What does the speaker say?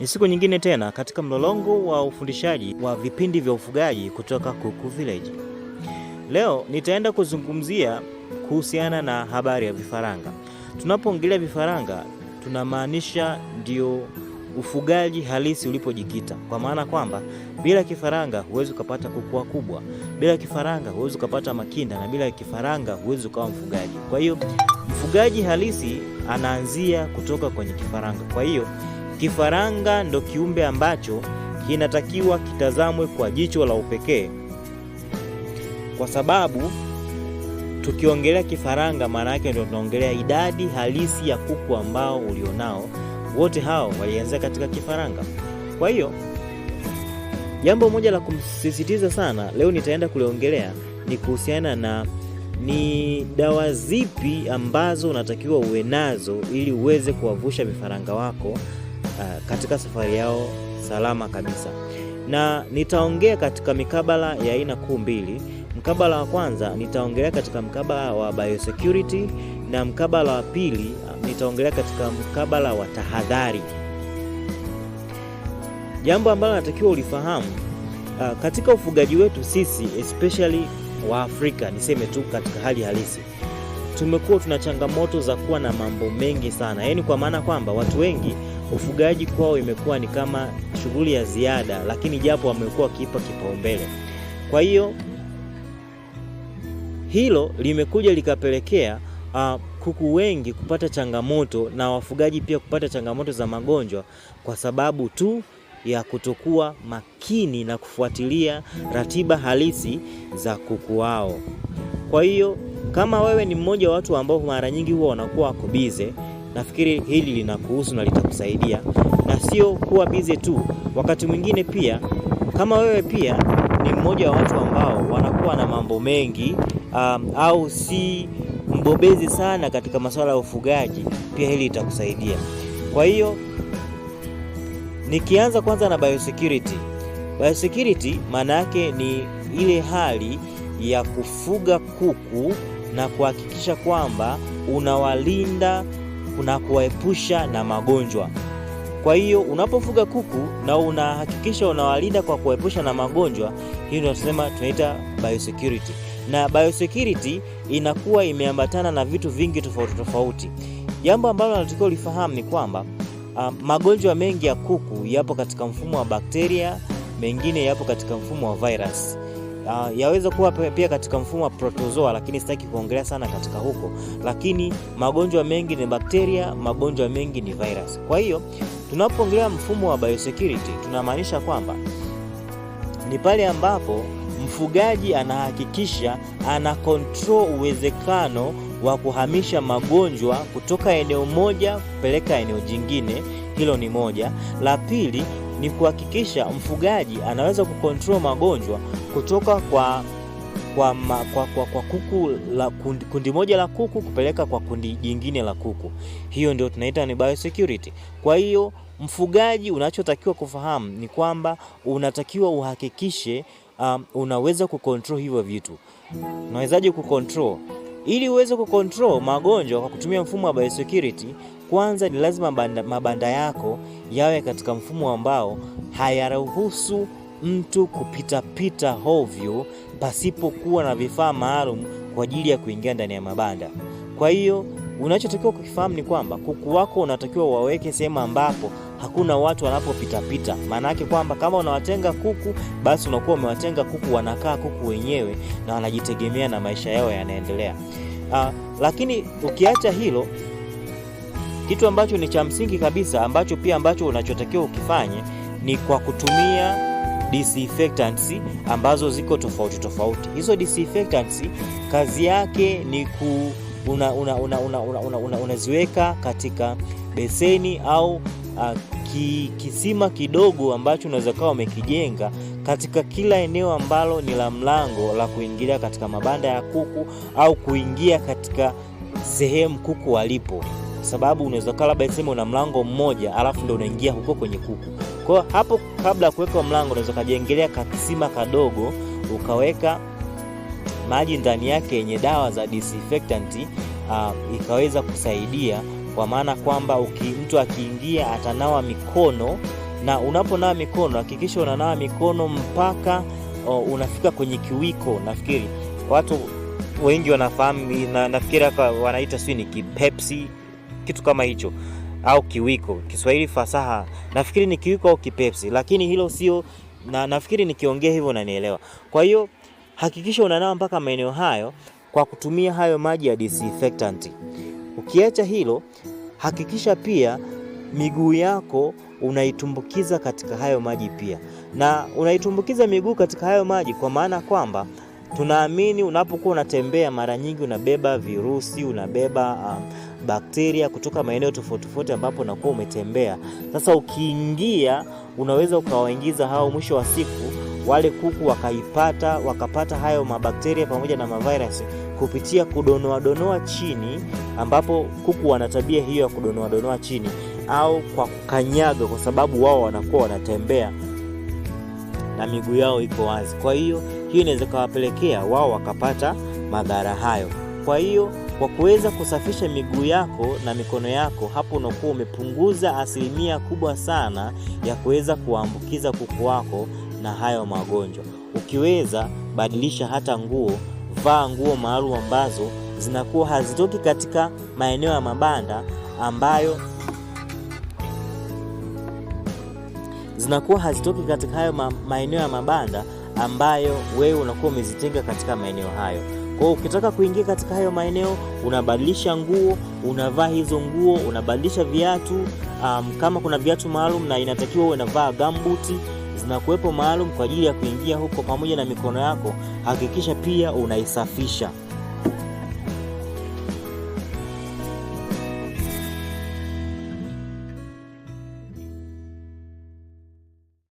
Ni siku nyingine tena katika mlolongo wa ufundishaji wa vipindi vya ufugaji kutoka Kuku Village. Leo nitaenda kuzungumzia kuhusiana na habari ya vifaranga. Tunapoongelea vifaranga, tunamaanisha ndio ufugaji halisi ulipojikita, kwa maana kwamba bila kifaranga huwezi ukapata kukua kubwa bila kifaranga huwezi ukapata makinda, na bila kifaranga huwezi ukawa mfugaji. Kwa hiyo mfugaji halisi anaanzia kutoka kwenye kifaranga. Kwa hiyo Kifaranga ndo kiumbe ambacho kinatakiwa kitazamwe kwa jicho la upekee, kwa sababu tukiongelea kifaranga, maana yake ndio tunaongelea idadi halisi ya kuku ambao ulionao. Wote hao walianzia katika kifaranga. Kwa hiyo jambo moja la kumsisitiza sana leo nitaenda kuliongelea ni kuhusiana na ni dawa zipi ambazo unatakiwa uwe nazo ili uweze kuwavusha vifaranga wako uh, katika safari yao salama kabisa, na nitaongea katika mikabala ya aina kuu mbili. Mkabala wa kwanza nitaongelea katika mkabala wa biosecurity na mkabala wa pili nitaongelea katika mkabala wa tahadhari. Jambo ambalo natakiwa ulifahamu uh, katika ufugaji wetu sisi especially wa Afrika, niseme tu katika hali halisi, tumekuwa tuna changamoto za kuwa na mambo mengi sana, yaani kwa maana kwamba watu wengi ufugaji kwao imekuwa ni kama shughuli ya ziada, lakini japo wamekuwa wakiipa kipaumbele. Kwa hiyo hilo limekuja likapelekea uh, kuku wengi kupata changamoto na wafugaji pia kupata changamoto za magonjwa kwa sababu tu ya kutokuwa makini na kufuatilia ratiba halisi za kuku wao. Kwa hiyo kama wewe ni mmoja wa watu ambao mara nyingi huwa wanakuwa wako bize Nafikiri hili linakuhusu na litakusaidia, na sio kuwa bize tu. Wakati mwingine pia, kama wewe pia ni mmoja wa watu ambao wanakuwa na mambo mengi um, au si mbobezi sana katika masuala ya ufugaji, pia hili litakusaidia. Kwa hiyo nikianza kwanza na biosecurity. Biosecurity maana yake ni ile hali ya kufuga kuku na kuhakikisha kwamba unawalinda na kuwaepusha na magonjwa. Kwa hiyo unapofuga kuku na unahakikisha unawalinda kwa kuwaepusha na magonjwa, hiyo ndio tunasema tunaita biosecurity. Na biosecurity inakuwa imeambatana na vitu vingi tofauti tofauti. Jambo ambalo natakiwa ulifahamu ni kwamba uh, magonjwa mengi ya kuku yapo katika mfumo wa bakteria, mengine yapo katika mfumo wa virus. Uh, ah, yaweza kuwa pia katika mfumo wa protozoa, lakini sitaki kuongelea sana katika huko, lakini magonjwa mengi ni bakteria, magonjwa mengi ni virus. Kwa hiyo tunapoongelea mfumo wa biosecurity tunamaanisha kwamba ni pale ambapo mfugaji anahakikisha ana control uwezekano wa kuhamisha magonjwa kutoka eneo moja kupeleka eneo jingine. Hilo ni moja. La pili ni kuhakikisha mfugaji anaweza kukontrol magonjwa kutoka kwa kwa, ma, kwa, kwa, kwa kuku la kundi, kundi moja la kuku kupeleka kwa kundi jingine la kuku. Hiyo ndio tunaita ni biosecurity. Kwa hiyo mfugaji, unachotakiwa kufahamu ni kwamba unatakiwa uhakikishe um, unaweza kukontrol hivyo vitu. Unawezaje kukontrol? Ili uweze kukontrol magonjwa kwa kutumia mfumo wa biosecurity kwanza ni lazima banda, mabanda yako yawe katika mfumo ambao hayaruhusu mtu kupitapita hovyo pasipokuwa na vifaa maalum kwa ajili ya kuingia ndani ya mabanda. Kwa hiyo unachotakiwa kukifahamu ni kwamba kuku wako unatakiwa waweke sehemu ambapo hakuna watu wanapopitapita. Maana yake kwamba kama unawatenga kuku, basi unakuwa umewatenga kuku, wanakaa kuku wenyewe na wanajitegemea na maisha yao yanaendelea. Uh, lakini ukiacha hilo kitu ambacho ni cha msingi kabisa ambacho pia ambacho unachotakiwa ukifanye ni kwa kutumia disinfectants ambazo ziko tofauti tofauti. Hizo disinfectants kazi yake ni ku unaziweka una, una, una, una, una, una katika beseni au uh, ki, kisima kidogo ambacho unaweza kuwa umekijenga katika kila eneo ambalo ni la mlango la kuingilia katika mabanda ya kuku au kuingia katika sehemu kuku walipo kwa sababu unaweza kaa labda sema una mlango mmoja alafu ndio unaingia huko kwenye kuku. Kwa hapo kabla ya kuweka mlango unaweza ukajengelea kasima kadogo ukaweka maji ndani yake yenye dawa za disinfectant uh, ikaweza kusaidia kwa maana kwamba uki, mtu akiingia atanawa mikono, na unaponawa mikono hakikisha unanawa mikono mpaka uh, unafika kwenye kiwiko. Nafikiri watu wengi wanafahamu na, nafikiri hapa wanaita sijui ni kipepsi kitu kama hicho au kiwiko. Kiswahili fasaha nafikiri ni kiwiko au kipepsi, lakini hilo sio na, nafikiri nikiongea hivyo unanielewa. Kwa hiyo hakikisha unanawa mpaka maeneo hayo kwa kutumia hayo maji ya disinfectant. Ukiacha hilo, hakikisha pia miguu yako unaitumbukiza katika hayo maji pia, na unaitumbukiza miguu katika hayo maji kwa maana kwamba tunaamini unapokuwa unatembea mara nyingi unabeba virusi, unabeba um, bakteria kutoka maeneo tofauti tofauti ambapo unakuwa umetembea. Sasa ukiingia, unaweza ukawaingiza hao, mwisho wa siku wale kuku wakaipata wakapata hayo mabakteria pamoja na mavirus kupitia kudonoadonoa chini, ambapo kuku wana tabia hiyo ya kudonoadonoa chini au kwa kukanyaga, kwa sababu wao wanakuwa wanatembea na miguu yao iko wazi. Kwa hiyo hiyo inaweza kawapelekea wao wakapata madhara hayo. Kwa hiyo kwa kuweza kusafisha miguu yako na mikono yako, hapo unakuwa umepunguza asilimia kubwa sana ya kuweza kuwaambukiza kuku wako na hayo magonjwa. Ukiweza badilisha hata nguo, vaa nguo maalum ambazo zinakuwa hazitoki katika maeneo ya mabanda ambayo zinakuwa hazitoki katika hayo maeneo ya mabanda ambayo wewe unakuwa umezitenga katika maeneo hayo kwao. ukitaka kuingia katika hayo maeneo unabadilisha nguo, unavaa hizo nguo, unabadilisha viatu um, kama kuna viatu maalum na inatakiwa uwe unavaa gambuti zinakuwepo maalum kwa ajili ya kuingia huko, pamoja na mikono yako hakikisha pia unaisafisha.